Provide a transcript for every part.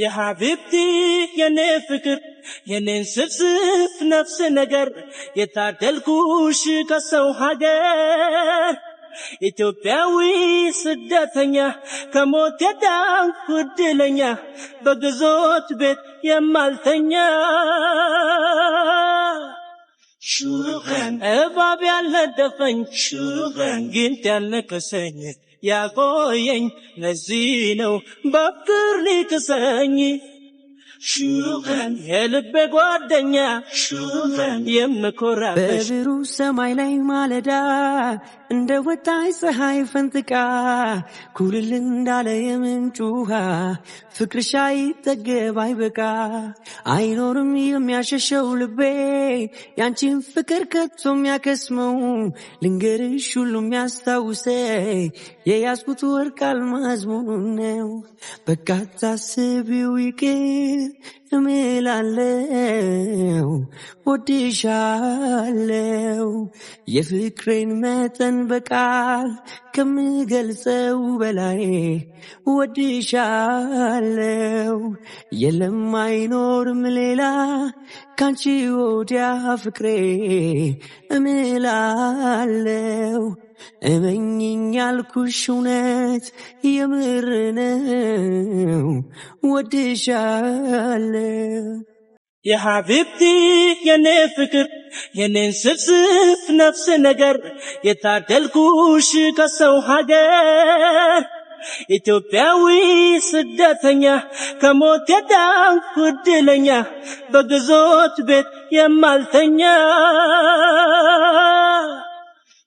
የሐቢብቲ የኔ ፍቅር የኔን ስብስፍ ነፍስ ነገር የታደልኩሽ ከሰው ሀገር ኢትዮጵያዊ ስደተኛ ከሞት የዳንኩ ዕድለኛ በግዞት ቤት የማልተኛ ሹቅን እባብ ያልነደፈኝ ሹቅን ግንድ ያልነከሰኝ ያቆየኝ ለዚህ ነው ባፍቅር ሊክሰኝ የልቤ ጓደኛ የምኮራ በብሩህ ሰማይ ላይ ማለዳ እንደ ወጣይ ፀሐይ ፈንጥቃ ኩልል እንዳለ የምንጩ ውሃ ፍቅርሻ አይጠገብ አይበቃ አይኖርም የሚያሸሸው ልቤ ያንቺን ፍቅር ከቶ የሚያከስመው ልንገርሽ ሁሉ የሚያስታውሰ የያዝኩት ወርቅ አልማዝ መሆኑን ነው በቃ ታስቢው ይቅር እምላለው ወድሻለው የፍቅሬን መጠን በቃል ከምገልጸው በላይ ወድሻለው። የለም አይኖርም ሌላ ካንቺ ወዲያ ፍቅሬ እምላለው እመኝኝ ያልኩሽ እውነት የምር ነው። ወድሻለሁ የሀቢብቲ የኔ ፍቅር የኔን ስፍስፍ ነፍስ ነገር የታደልኩሽ ከሰው ሀገር ኢትዮጵያዊ ስደተኛ ከሞት የዳንኩ ዕድለኛ በግዞት ቤት የማልተኛ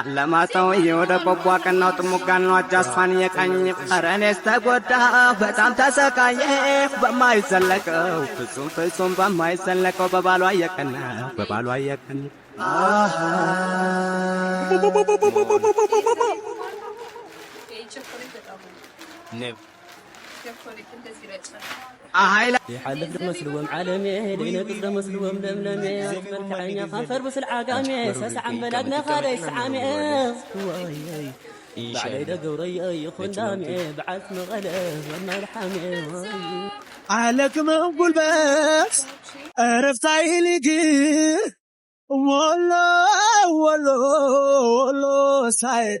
አለማሰው የወደ ቦቦ ቀናው ጥሙጋን ነው አጃስፋን የቀኝ ቀረኔስ ተጎዳ በጣም ተሰቃየ በማይዘለቀው ፍጹም ፍጹም በማይዘለቀው በባሏ የቀና በባሏ የቀን ንብ يحلف لمسلوم عالمي لينقذ لمسلوم لملمي مرتعين خفر بس العقامي سسعم بلادنا خارج سعامي بعد دقوري اي خدامي بعث مغلب وما الحامي عليك مقبول بس عرفت عيلي والله والله والله سعيد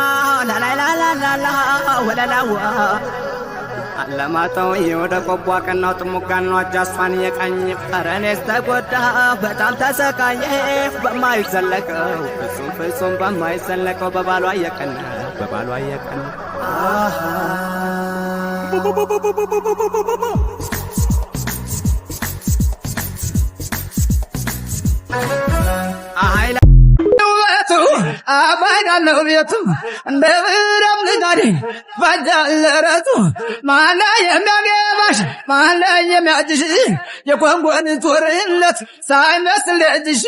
ላላ ወለላዋ አለማጣው የወደ ቆቦ አቀናው ጥሙጋን ነው የቃኝ ቀረኔስ ተጎዳ በጣም ተሰቃየ በማይዘለቀው ፍጹም ፍጹም በማይዘለቀው በባሏ የቀነ በባሏ የቀነ አባዳለሁ ቤቱ እንደ ብረም ንጋዴ ባጃለረቱ ማለ የሚያገባሽ ማለ የሚያጅሽ የኮንጎን ቱርለት ሳይመስል ልጅሽ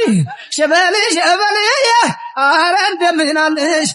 ሸበል ሸበል አረ እንደምናለሽ